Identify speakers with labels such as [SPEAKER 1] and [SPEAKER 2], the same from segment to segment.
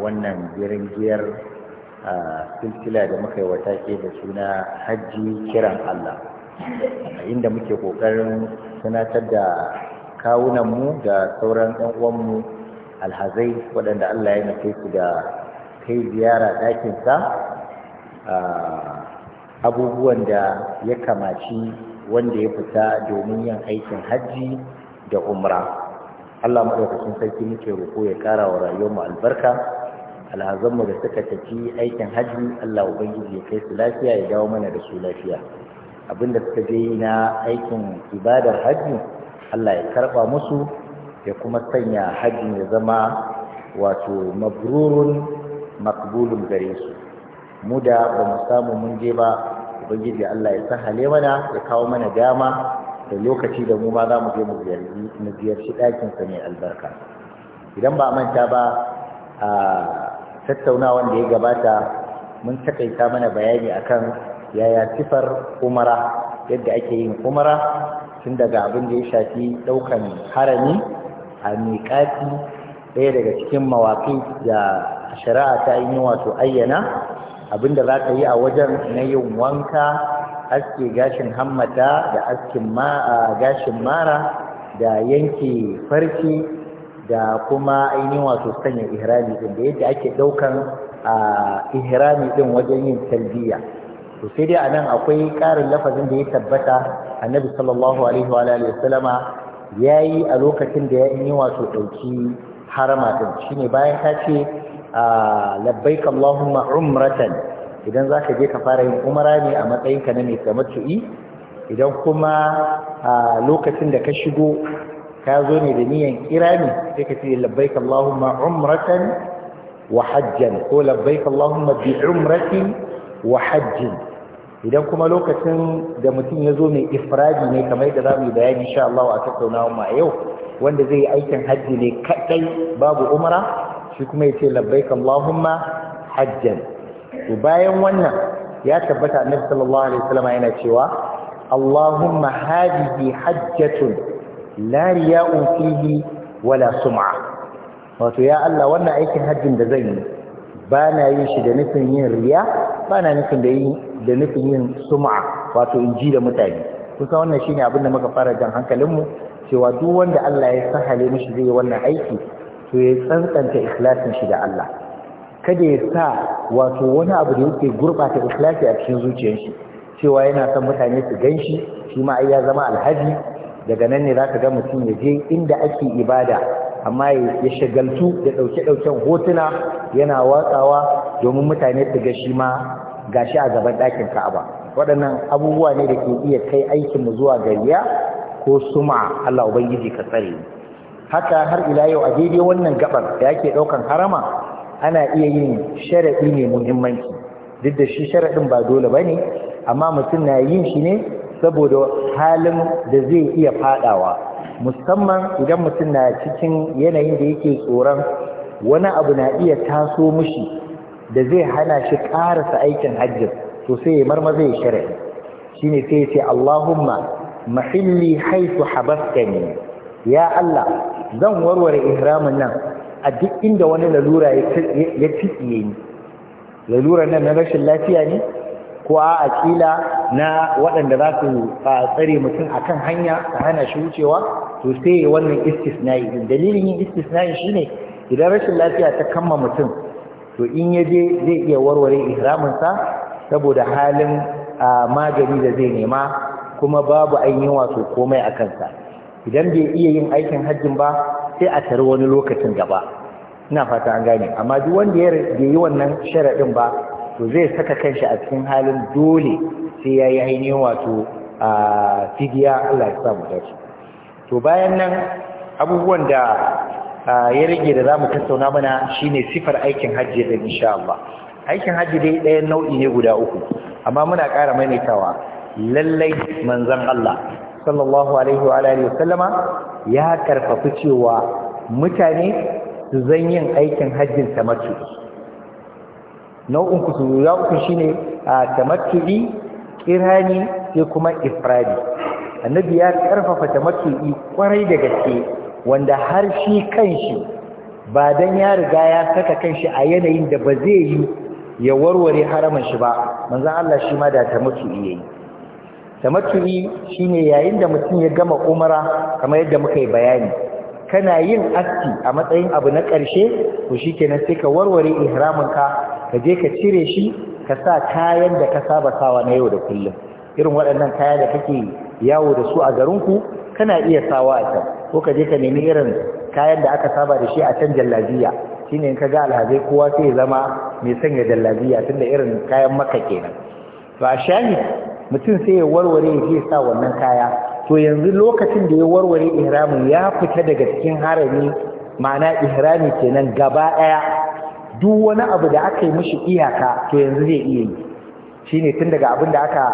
[SPEAKER 1] wannan jirgiyar silsila da muka yi wata ke da suna hajji kiran Allah inda muke kokarin tunatar da kawunanmu da sauran ɗan'uwanmu alhazai waɗanda Allah ya nufe su da kai ziyara ɗakinsa abubuwan da ya kamaci wanda ya fita domin yin aikin hajji da umra Allah madaukakin sarki muke roƙo ya ƙara wa rayuwarmu albarka alhazanmu da suka tafi aikin hajji Allah ubangiji ya kai su lafiya ya dawo mana da su lafiya abinda suka je yi na aikin ibadar hajji Allah ya karɓa musu ya kuma sanya hajji ya zama wato mabrurun makbulun gare su mu da ba mu samu mun je ba ubangiji Allah ya sahale mana ya kawo mana dama da lokaci da mu ma za mu je mu ziyarci mu ziyarci ɗakin sa mai albarka idan ba manta ba a tattaunawan da ya gabata mun takaita mana bayani akan yaya sifar umara yadda ake yin umara tun daga abin da ya shafi ɗaukan harami a miƙati ɗaya daga cikin mawaƙi da shari'a ta yi wato ayyana abin da za ka yi a wajen na yin wanka aske gashin hammata da askin ma a gashin mara da yanke farki da kuma ainihin wato sanya ihrami din da yadda ake daukan ihrami din wajen yin talbiya to sai dai anan akwai karin lafazin da ya tabbata annabi sallallahu alaihi wa alihi wasallama yayi a lokacin da ya yi wato dauki harama din shine bayan ka ce labbaik allahumma umratan idan za ka je ka fara yin umara ne a matsayinka na mai tamattu'i idan kuma a lokacin da ka shigo ka zo ne da niyan kirani sai ka ce labbaik Allahumma umratan wa hajjan ko labbaik Allahumma bi wa hajjin idan kuma lokacin da mutum ya zo mai ifradi ne kamar yadda za mu yi bayani insha Allah a tattaunawa mu a yau wanda zai yi aikin hajji ne kadai babu umara shi kuma ya ce labbaik Allahumma hajjan to bayan wannan ya tabbata annabi sallallahu alaihi wasallam yana cewa Allahumma hadhihi hajjatun la riya'un fihi wala sum'a wato ya Allah wannan aikin hajjin da zan yi ba na yin shi da nufin yin riya ba na nufin da yin da nufin yin sum'a wato in ji da mutane kusa wannan shine abin da muka fara jan hankalinmu cewa duk wanda Allah ya sahale mishi zai yi wannan aiki to ya tsantsanta ikhlasin shi da Allah kada ya sa wato wani abu da yake gurbata ikhlasi a cikin zuciyar shi cewa yana son mutane su gan shi shi ma ai ya zama alhaji daga nan ne za ka ga mutum ya je inda ake ibada amma ya shagaltu da ɗauke-ɗauken hotuna yana watsawa domin mutane su ga shi ma gashi a gaban ɗakin ka'aba waɗannan abubuwa ne da ke iya kai aikin mu zuwa gariya ko suma Allah ubangiji ka tsare haka har ila yau a daidai wannan gabar da yake ɗaukan harama ana iya yin sharaɗi ne muhimmanci duk da shi sharaɗin ba dole ba ne amma mutum na yin shi ne saboda halin da zai iya faɗawa musamman idan mutum na cikin yanayin da yake tsoron wani abu na iya taso mushi da zai hana shi ƙarasa aikin hajji to sai ya marmaza ya sharaɗi shi ne sai ya ce Allahumma mahilli haitu habaskani ya Allah zan warware ihramin nan a duk inda wani lalura ya tsiye ni lalura nan na rashin lafiya ne ko a akila na waɗanda za su tsare mutum a kan hanya a hana shi wucewa to sai wannan istisna'i dalilin yin shi ne, idan rashin lafiya ta kama mutum to in ya je zai iya warware ihraminsa saboda halin magani da zai nema kuma babu ainihin wato komai a kansa idan bai iya yin aikin hajjin ba sai a tare wani lokacin gaba ina fata an gane amma duk wanda ya yi wannan sharaɗin ba to zai saka kanshi a cikin halin dole sai ya yi ainihin wato a fidiya Allah ya samu dace to bayan nan abubuwan da ya rage da za mu tattauna mana shine sifar aikin hajji da insha Allah aikin hajji dai ɗayan nau'i ne guda uku amma muna ƙara maimaitawa lallai manzon Allah sallallahu alaihi wa alihi sallama ya karfafa cewa mutane su zan yin aikin hajjin tamattu'i nau'in ku su ya uku shine a tamattu'i kirani sai kuma ifradi annabi ya karfafa tamattu'i ƙwarai da gaske wanda har shi kanshi ba dan ya riga ya saka kanshi a yanayin da ba zai yi ya warware haramin shi ba manzon Allah shi ma da tamattu'i yayi tamattu'i shine yayin da mutum ya gama umara kamar yadda muka yi bayani kana yin aski a matsayin abu na ƙarshe to shi kenan sai ka warware ihraminka ka je ka cire shi ka sa kayan da ka saba sawa na yau da kullum irin waɗannan kaya da kake yawo da su a garinku kana iya sawa a can ko ka je ka nemi irin kayan da aka saba da shi a can jallabiya shine in ka ga alhazai kowa sai zama mai sanya jallabiya tunda irin kayan maka kenan to a mutum sai ya warware ya je sa wannan kaya to yanzu lokacin da ya warware ihramin ya fita daga cikin harami ma'ana ihrami kenan gaba ɗaya duk wani abu da aka yi mishi iyaka to yanzu zai iya yi shine tun daga abin da aka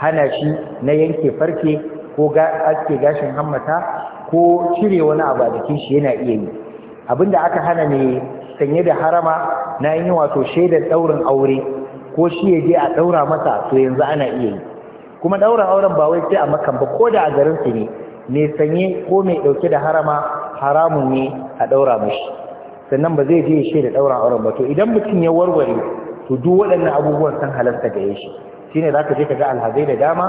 [SPEAKER 1] hana shi na yanke farke ko aske gashin hammata ko cire wani abu a jikin shi yana iya yi abin da aka hana ne sanye da harama na yin wato shaidar ɗaurin aure ko shi ya je a ɗaura masa to yanzu ana iya yi kuma ɗaurin auren ba wai sai a makan ba ko da a garin su ne Me sanye ko mai ɗauke da harama haramun ne a ɗaura mushi? sannan ba zai je ya shaida ɗaurin auren ba to idan mutum ya warware to duk waɗannan abubuwan san halarta ya shi shine zaka je ka ga alhazai da dama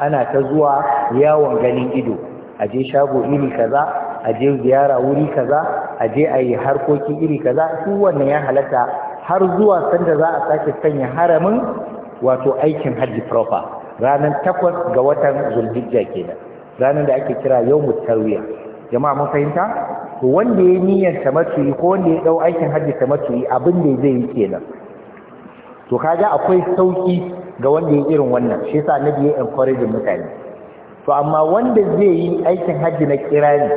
[SPEAKER 1] ana ta zuwa yawon ganin ido a je shago iri kaza a je ziyara wuri kaza a je a yi harkoki iri kaza duk wannan ya halarta har zuwa sanda za a sake sanya haramin wato aikin hajji proper ranar takwas ga watan zulhijja kenan ranar da ake kira yau tarwiya jama'a mun fahimta to wanda ya niyyar ta tamattu'i ko wanda ya dau aikin hajji tamattu'i abin da zai yi kenan to kaga akwai sauki ga wanda ya irin wannan shi yasa annabi ya encourage mutane to amma wanda zai yi aikin hajji na kirani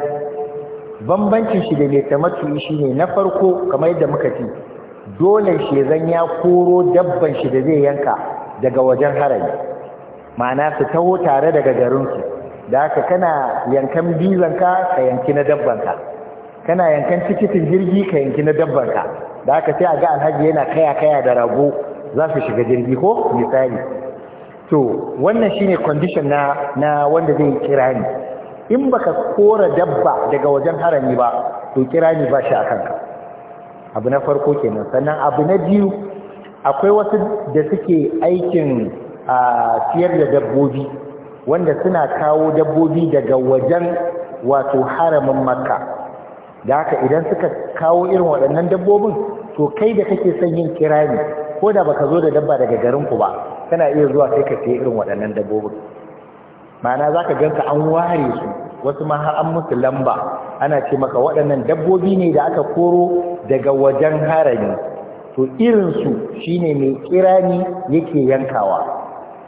[SPEAKER 1] bambancin shi da mai tamattu'i shine na farko kamar yadda muka ci dole shi ya koro dabban shi da zai yanka daga wajen harami ma'ana su taho tare daga garinsu da haka kana yankan bizanka ka yanki na dabbanka kana yankan tikitin jirgi ka yanki na dabbanka da haka sai a ga alhaji yana kaya kaya da rago za su shiga jirgi ko misali to wannan shine condition na na wanda zai kira ni in baka kora dabba daga wajen harami ba to kira ni ba shi akan ka abu na farko kenan sannan abu na biyu akwai wasu da suke aikin a siyar da dabbobi wanda suna kawo dabbobi daga wajen wato haramin makka da haka idan suka kawo irin waɗannan dabbobin to kai da kake son yin kirani ko da baka zo da dabba daga garin ku ba kana iya zuwa sai ka siya irin waɗannan dabbobin ma'ana zaka ganka an ware su wasu ma har an musu lamba ana ce maka waɗannan dabbobi ne da aka koro daga wajen harami to irin su shine mai kirani yake yankawa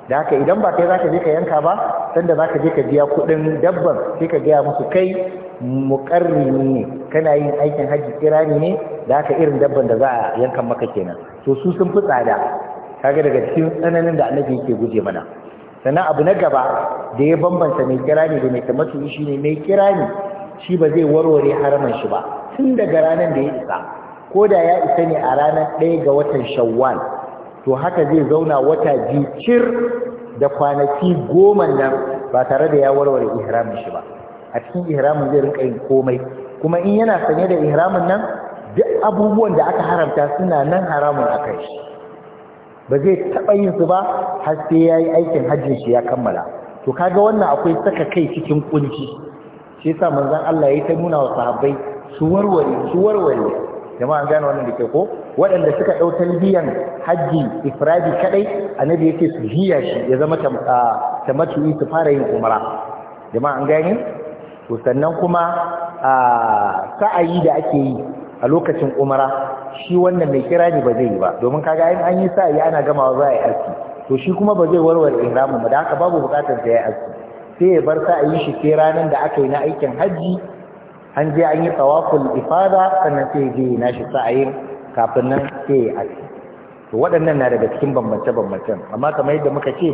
[SPEAKER 1] da haka idan ba kai ka je ka yanka ba sanda zaka je ka biya kuɗin dabban sai ka gaya musu kai muƙarrini ne kana yin aikin hajji kirani ne da haka irin dabban da za a yankan maka kenan to su sun fi tsada kaga daga cikin tsananin da annabi yake guje mana sannan abu na gaba da ya bambanta mai kirani da mai tamattu shi ne mai kirani shi ba zai warware haraman shi ba tun daga ranar da ya isa ko da ya isa ne a ranar ɗaya ga watan shawwal to haka zai zauna wata jikir da kwanaki goma nan ba tare da ya warware ihramin shi ba a cikin ihramin zai rinka yin komai kuma in yana sanye da ihramin nan duk abubuwan da aka haramta suna nan haramun a kai ba zai taɓa yin su ba har sai ya yi aikin hajjin shi ya kammala to kaga wannan akwai saka kai cikin kunci shi yasa manzon Allah ya ta nuna wa sahabbai su warware su warware jama'a gane wannan da ke ko waɗanda suka ɗau talbiyan hajji ifradi kadai annabi yake su jiya shi ya zama tamattu'i su fara yin umara jama'a an gane to sannan kuma sa'ayi da ake yi a lokacin umara shi wannan mai kira ne ba zai yi ba domin kaga in an yi sa'ayi ana gamawa za a yi aski to shi kuma ba zai warware ihramin ba da haka babu bukatar da ya aski sai ya bar sa'ayi shi sai ranar da aka yi na aikin hajji an je an yi tsawaful ifada sannan sai je na shi sa'ayin kafin nan sai ya aski to waɗannan na daga cikin bambance-bambancen amma kamar yadda muka ce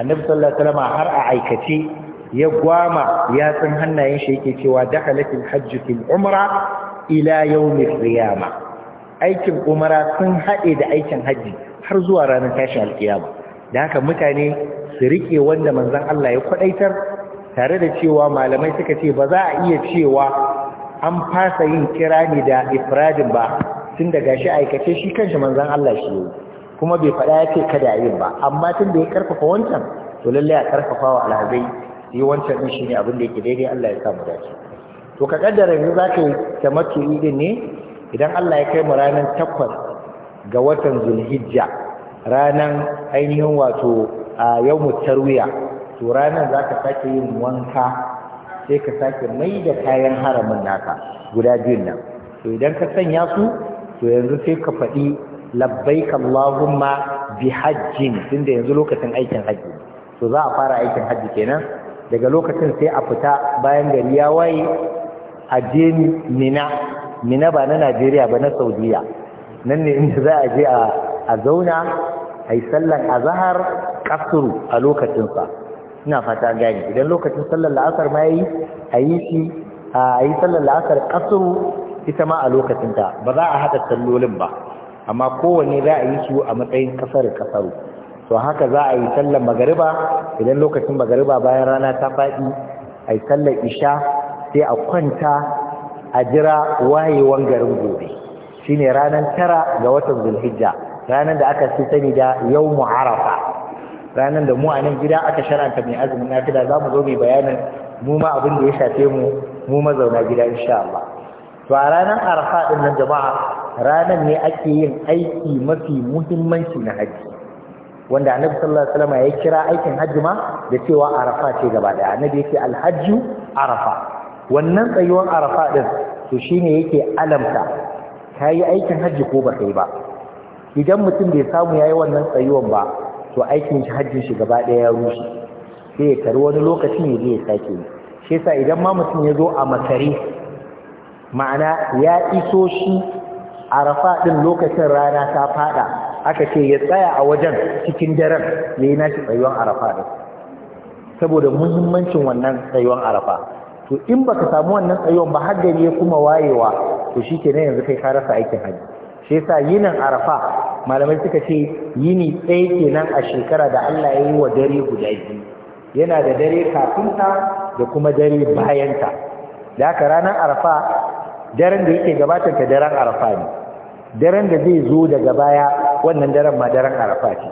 [SPEAKER 1] annabi sallallahu alaihi wasallam har a aikace ya gwama ya san hannayen shi yake cewa dakalatil hajju fil umra ila yawmir qiyama aikin umra sun haɗe da aikin haji har zuwa ranar tashin alkiyama da haka mutane su rike wanda manzon Allah ya kwadaitar tare da cewa malamai suka ce ba za a iya cewa an fasa yin ne da ifradin ba tun da gashi aikace shi kanshi manzan Allah shi kuma bai faɗa yake kada yin ba amma tun da ya karfafa wancan to lallai a karfafa wa alhazai yi wancan din ne abin da yake daidai Allah ya sa mu dace to ka kaddara yanzu zaka yi tamattu'i din ne idan Allah ya kai mu ranar takwas ga watan Zulhijja ranar ainihin wato a yawmut tarwiya to ranar zaka sake yin wanka sai ka sake mai da kayan haramin naka guda biyun nan to idan ka sanya su to yanzu sai ka faɗi labbaik Allahumma bi hajjin tunda yanzu lokacin aikin hajji to za a fara aikin hajji kenan daga lokacin sai a fita bayan gari ya waye a je mina mina ba na Najeriya ba na Saudiya nan ne inda za a je a zauna a yi sallan azahar kasuru a lokacinsa ina fata gani idan lokacin sallar la'asar ma yi a yi shi a yi sallar la'asar kasuru ita ma a lokacinta ba za a haɗa sallolin ba amma kowanne za a yi su a matsayin kasar kasaru to haka za a yi sallar magariba idan lokacin magariba bayan rana ta faɗi a yi sallar isha sai a kwanta a jira wayewan garin gobe shine ranar tara ga watan zulhijja ranar da aka fi sani da yau arafa ranar da mu a nan gida aka sharanta mai azumin nafila za mu zo mai bayanin mu ma abin da ya shafe mu mu mazauna gida insha Allah to a ranar arfa din nan jama'a ranar ne ake yin aiki mafi muhimmanci na haji wanda annabi sallallahu alaihi wasallam ya kira aikin hajima ma da cewa arafa ce gaba daya annabi yake alhajju arafa wannan tsayuwar arafa din to shine yake alamta kayi aikin hajji ko ba yi ba idan mutum bai samu yayi wannan tsayuwar ba to aikin shi hajjin shi gaba ɗaya ya rushe sai ya kari wani lokacin ya je ya sake yi shi yasa idan ma mutum ya zo a makare ma'ana ya iso shi arafa ɗin lokacin rana ta faɗa. aka ce ya tsaya a wajen cikin daren ya yi nashi tsayuwan arafa ɗin saboda muhimmancin wannan tsayuwan arafa to in baka samu wannan tsayuwan ba har gari ya kuma wayewa to shi ke yanzu kai ka rasa aikin hajji shi yasa yinin arafa malamai suka ce yini ɗaya kenan a shekara da Allah ya yi wa dare guda biyu yana da dare kafinta da kuma dare bayanta da haka ranar arafa daren da yake gabatar ka daren arafa ne daren da zai zo daga baya wannan daren ma daren arafa ce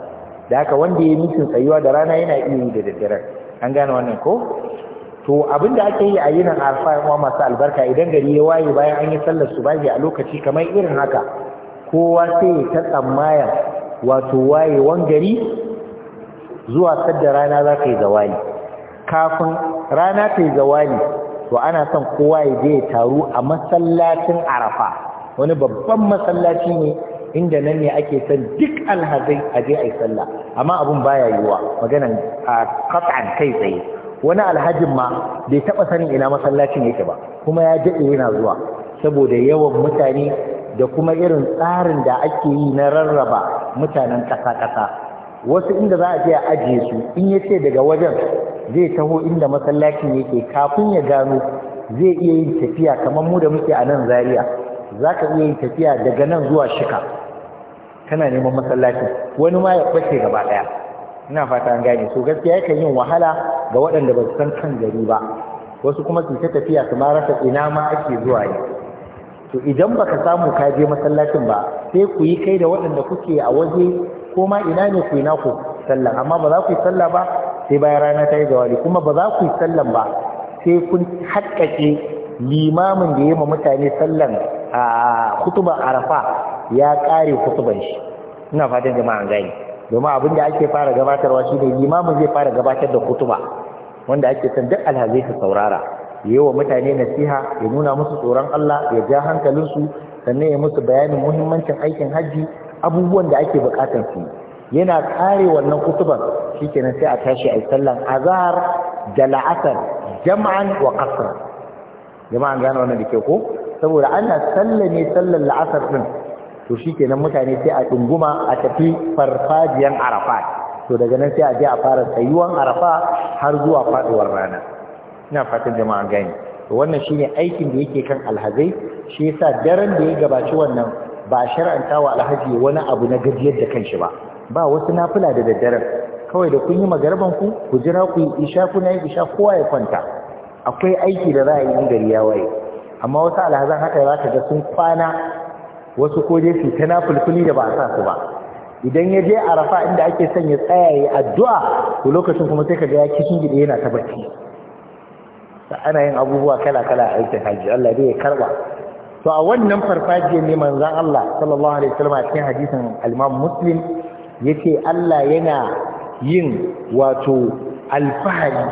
[SPEAKER 1] da haka wanda ya yi mikin tsayuwa da rana yana iya yi da daddaren an gane wannan ko to abin da ake yi a yinin arafa yan masu albarka idan gari ya waye bayan an yi sallar su baje a lokaci kamar irin haka kowa sai ya ta tsammaya wato wayewan gari zuwa sadda rana za ka yi zawali kafin rana ta yi zawali to ana son kowa ya je ya taru a masallacin arafa wani babban masallaci ne inda nan ne ake son duk alhazai a je a yi sallah amma abin baya yiwa maganan a an kai tsaye wani alhajin ma bai taɓa sanin ina masallacin yake ba kuma ya daɗe yana zuwa saboda yawan mutane da kuma irin tsarin da ake yi na rarraba mutanen ƙasa-ƙasa wasu inda za a je a ajiye su in ya ce daga wajen zai taho inda masallacin yake kafin ya gano zai iya yin tafiya kamar mu da muke a nan zaria za ka iya yin tafiya daga nan zuwa shika kana neman masallaci wani ma ya ɓace gaba ɗaya ina fata an gane so gaskiya yakan yin wahala ga waɗanda ba su san kan gari ba wasu kuma su ta tafiya su ma rasa ina ma ake zuwa yi to idan baka samu ka je masallacin ba sai ku yi kai da waɗanda kuke a waje ko ma ina ne ku ina naku sallah amma ba za ku yi sallah ba sai bayan rana ta yi zawali kuma ba za ku yi sallan ba sai kun haƙƙaƙe limamin da ya ma mutane sallan a kutuban arafa ya ƙare kutuban shi ina fatan jama'an gani domin abin da ake fara gabatarwa shi ne limamin zai fara gabatar da kutuba wanda ake san duk alhazai su saurara Yayi yi wa mutane nasiha ya nuna musu tsoron Allah ya ja hankalinsu sannan ya musu bayanin muhimmancin aikin hajji abubuwan da ake bukatar su yana kare wannan kutuban shikenan sai a tashi a sallan azhar da la'asar jam'an wa qasra jama'an gane wannan da ke ko saboda ana sallame sallan la'asar din to shikenan mutane sai a ɗunguma a tafi farfajiyan arafat to daga nan sai a je a fara tsayuwan arafa har zuwa faɗuwar rana ina fatan jama'a gani wannan shine aikin da yake kan alhazai shi yasa daren da ya gabaci wannan ba shar'anta wa alhaji wani abu na gajiyar da kanshi ba ba wasu nafila da daddaren kawai da kun yi magarban ku ku jira ku yi isha na yi isha kowa ya kwanta akwai aiki da za a yi gari ya waye amma wasu alhazan haka za ka ga sun kwana wasu ko dai su ta nafulfuli da ba a sa su ba idan ya je arafa inda ake sanya tsayaye addu'a to lokacin kuma sai ka ga ya kishin gida yana ta barci ana yin abubuwa kala-kala a aikin hajji Allah dai ya karba to a wannan farfajiyar ne manzon Allah sallallahu alaihi wasallam a cikin hadisin al-Imam Muslim yace Allah yana yin wato alfahari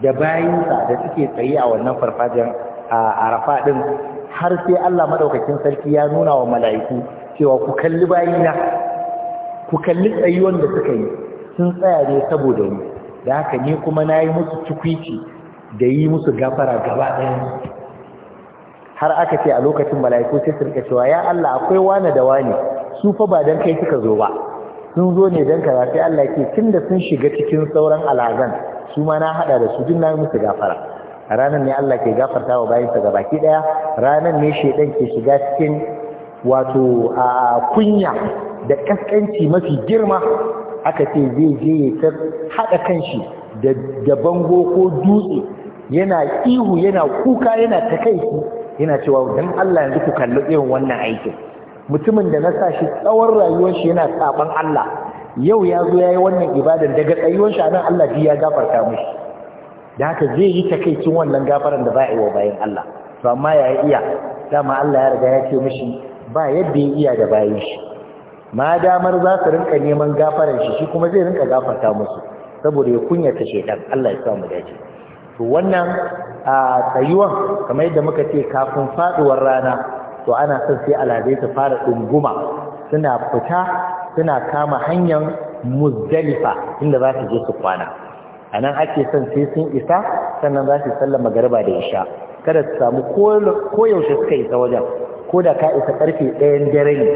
[SPEAKER 1] da bayinsa da suke tsaye a wannan farfajiyar Arafa din har sai Allah madaukakin sarki ya nuna wa mala'iku cewa ku kalli bayina ku kalli tsayuwan da suka yi sun tsaya ne saboda ni da haka ni kuma nayi musu cikwici da yi musu gafara gaba ɗaya har aka ce a lokacin mala'iku sai su rika cewa ya Allah akwai wane da wane su fa ba dan kai suka zo ba sun zo ne dan kaza sai Allah ke tunda sun shiga cikin sauran alazan su ma na hada da su duk na musu gafara ranar ne Allah ke gafarta wa bayansa ki ɗaya ranar ne shedan ke shiga cikin wato a kunya da kaskanci mafi girma aka ce zai je ya haɗa kanshi da bango ko dutse yana ihu yana kuka yana takaici yana cewa dan Allah yanzu ku kalli irin wannan aikin mutumin da na sa shi tsawon rayuwar shi yana saban Allah yau ya zo ya yi wannan ibadan daga tsayuwar shi anan Allah ji ya gafarta mishi da haka zai yi takaicin wannan gafaran da ba a yi wa bayan Allah to amma ya iya dama Allah ya riga ya ce mishi ba yadda ya iya da bayan shi ma damar za su rinka neman gafaran shi shi kuma zai rinka gafarta musu saboda ya kunyata shaitan Allah ya samu dace to wannan a tsayuwan kamar yadda muka ce kafin faduwar rana to ana son sai alade su fara ɗunguma suna fita suna kama hanyar muzdalifa inda za su je su kwana a nan ake son sai sun isa sannan za su sallama garba da isha kada su samu koyaushe suka isa wajen ko da ka isa karfe ɗayan dare ne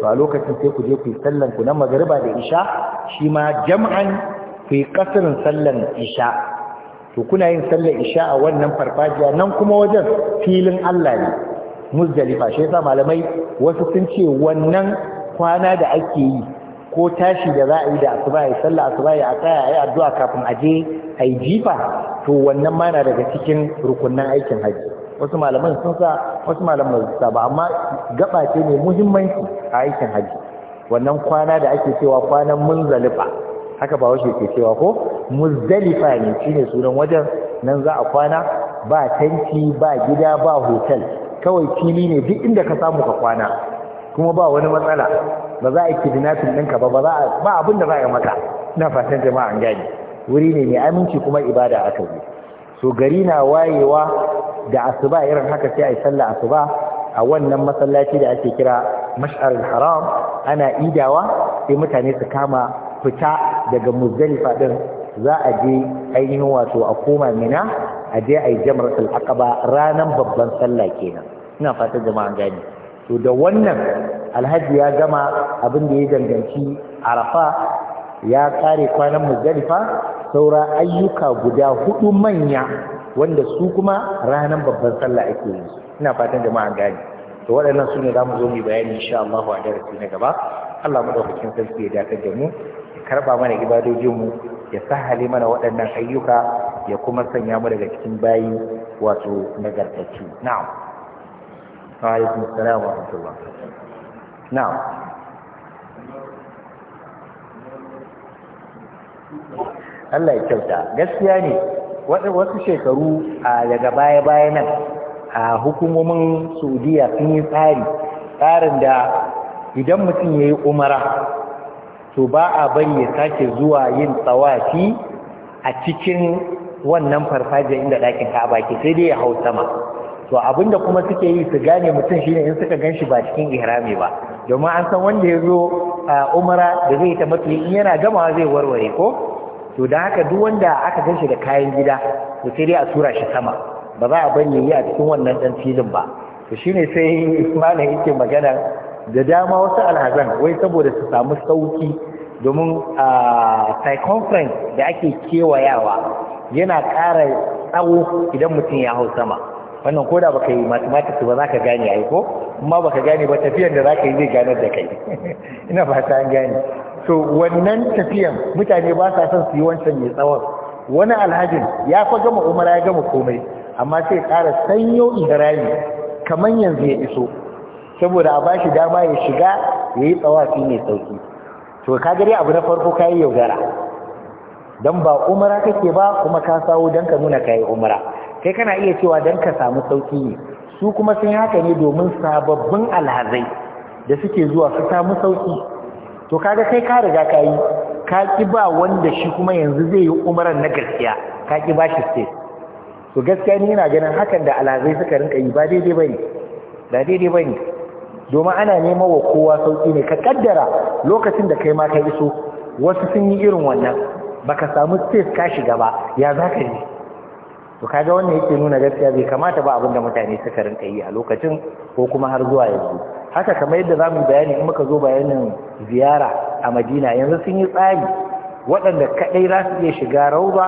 [SPEAKER 1] to a lokacin sai ku je ku yi sallan ku na magariba da isha shi ma jam'an ku yi kasirin sallan isha to kuna yin sallar isha a wannan farfajiya nan kuma wajen filin Allah ne muzdalifa shi yasa malamai wasu sun ce wannan kwana da ake yi ko tashi da za a yi da asuba ya sallah asuba ya tsaya ayi addu'a kafin a je a yi jifa to wannan ma na daga cikin rukunnan aikin haji wasu malaman sun sa wasu malaman sun sa ba amma gaba ce ne muhimmanci a aikin haji wannan kwana da ake cewa kwanan munzalifa haka ba wasu ke cewa ko muzdalifa ne shine sunan wajen nan za a kwana ba tanki ba gida ba hotel kawai fili ne duk inda ka samu ka kwana kuma ba wani matsala ba za a kidnapping ɗinka ba ba abin da za a yi maka ina fatan jama'a an gani. wuri ne mai aminci kuma ibada aka yi so gari na wayewa da asuba irin haka sai a yi sallah asuba a wannan masallaci da ake kira mash'ar haram ana idawa sai mutane su kama fita daga muzdalifa din za a je ainihin wato a koma mina a je a yi jamratul aqaba ranan babban sallah kenan ina fatan jama'a gani to da wannan alhaji ya gama abin da ya danganci arafa ya kare kwanan muzdalifa saura ayyuka guda hudu manya wanda su kuma ranan babban sallah ake yi ina fatan jama'a gani to waɗannan su ne za mu zo mu bayani insha Allah a darasi na gaba Allah madaukakin sarki ya dakatar da mu ya karba mana ibadojin mu ya sahale mana waɗannan ayyuka ya kuma sanya mu daga cikin bayi wato nagartacci na'am wa alaikum assalam na'am Allah ya kyauta gaskiya ne wasu shekaru a daga baya-baya nan a hukumomin saudiya sun yi tsari tsarin da idan mutum ya yi umara to ba a bari ya sake zuwa yin tsawafi a cikin wannan farfajiyar inda ɗakin ka'aba ke sai dai ya hau sama to abinda kuma suke yi su gane mutum shine in suka gan shi ba cikin ihrami ba domin an san wanda ya zo a umara da zai ta mafi in yana gamawa zai warware ko to da haka duk wanda aka gan shi da kayan gida to sai dai a tura shi sama ba za a ya yi a cikin wannan ɗan filin ba to ne sai malam yake magana da dama wasu alhazan wai saboda su samu sauki domin a circumference da ake kewayawa yana ƙara tsawo idan mutum ya hau sama wannan ko da baka yi mathematics ba za ka gane ai ko amma baka gane ba tafiyan da za ka yi zai ganar da kai ina fata an gane so wannan tafiyan mutane ba sa son su yi wancan mai tsawon wani alhajin ya fa gama umara ya gama komai amma sai ya ƙara sanyo ihrami kamar yanzu ya iso saboda a bashi dama ya shiga ya yi tsawafi mai sauki to ka gari abu na farko ka yi yaudara don ba umara kake ba kuma ka sawo dan ka nuna ka yi umara kai kana iya cewa dan ka samu sauki ne su kuma sun haka ne domin sababbin alhazai da suke zuwa su samu sauki to kaga kai ka riga ka yi ka ki ba wanda shi kuma yanzu zai yi umaran na gaskiya ka ki ba shi sai to gaskiya ni yana ganin hakan da alazai suka rinka yi ba daidai bane ba daidai bane domin ana nema wa kowa sauki ne ka kaddara lokacin da kai ma ka iso wasu sun yi irin wannan baka samu space ka shiga ba ya za ka yi to kaga wannan yake nuna gaskiya bai kamata ba abinda mutane suka rinka yi a lokacin ko kuma har zuwa yanzu haka kamar yadda zamu bayani in muka zo bayanin ziyara a madina yanzu sun yi tsari waɗanda kaɗai za su iya shiga rauba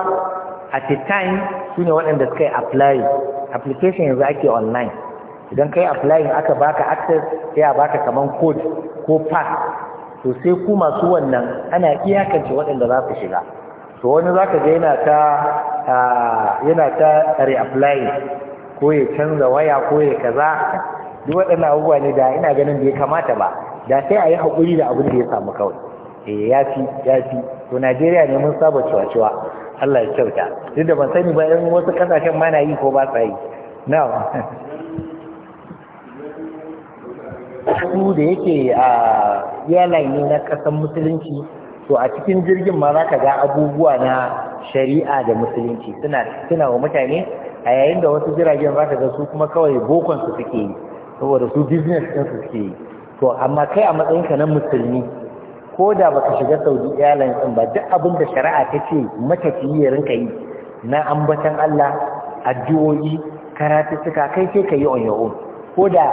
[SPEAKER 1] a a time su ne waɗanda suka yi apply application yanzu ake online idan ka kai applying aka baka access sai a baka kaman code ko pass to sai ku masu wannan ana iyakance waɗanda za su shiga to wani za ka ga yana ta yana ta ko ya canza waya ko ya kaza duk waɗannan abubuwa ne da ina ganin da ya kamata ba da sai a yi haƙuri da abin da ya samu kawai eh ya fi ya fi to najeriya ne mun saba cewa allah ya kyauta duk da ban sani ba yan wasu ƙasashen ma na yi ko ba sa yi na su da yake a airline ne na kasan musulunci to a cikin jirgin ma za ka ga abubuwa na shari'a da musulunci suna suna wa mutane a yayin da wasu jiragen za ka ga su kuma kawai bokon su suke yi saboda su business ɗin su suke yi to amma kai a matsayinka na musulmi ko da baka shiga saudi airlines din ba duk abin da shari'a ta ce matafiyi ya rinka yi na ambatan Allah addu'o'i suka kai sai ka yi on your ko da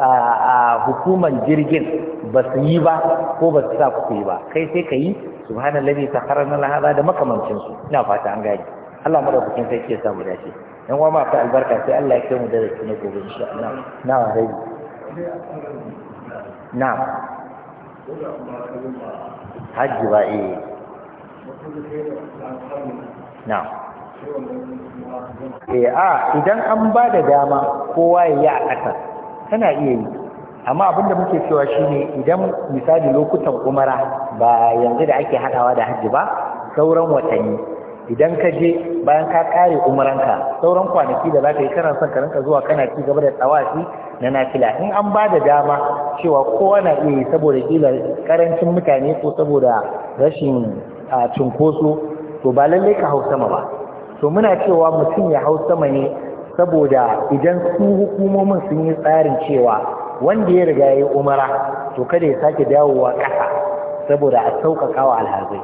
[SPEAKER 1] a hukumar jirgin ba su yi ba ko ba su sa ku yi ba kai sai ka yi subhanallahi na lahaza da makamancin su ina fata an gani Allah madaukakin sai ke samu dace dan uwa ma fa albarka sai Allah ya kai mu darasi na gobe insha Allah na wa rai na hajji ba yi. Eh. na eh a idan an ba da dama kowa ya yi a ƙasa tana iya yi amma abinda muke cewa shine idan misali lokutan umara ba yanzu da ake haɗawa da hajji ba sauran watanni idan ka je bayan ka kare umaranka sauran kwanaki da za ka yi kana son ka rinka zuwa kana ci gaba da tsawafi na nafila in an ba da dama cewa kowa na iya yi saboda kila karancin mutane ko saboda rashin cunkoso to ba lallai ka hau sama ba to muna cewa mutum ya hau sama ne saboda idan su hukumomin sun yi tsarin cewa wanda ya riga ya yi umara to kada ya sake dawowa ƙasa saboda a sauƙaƙa alhazai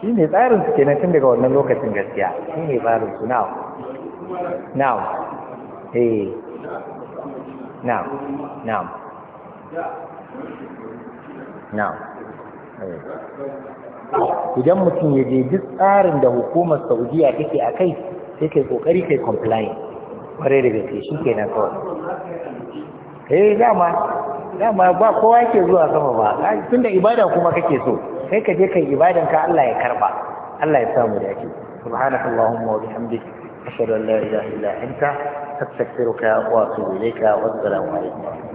[SPEAKER 1] shi ne tsarin su kenan tun daga wannan lokacin gaskiya shi ne tsarin su now now eh now now now idan mutum ya je duk tsarin da hukumar saudiya take a kai sai kai kokari kai complain kwarai da gaske shi nan kawai eh dama dama ba kowa ke zuwa sama ba da ibada kuma kake so sai ka je kai ibadan ka Allah ya karba Allah ya samu da yake subhanakallahumma wa bihamdik ashhadu an la ilaha illa anta astaghfiruka wa atubu ilayka wa assalamu alaikum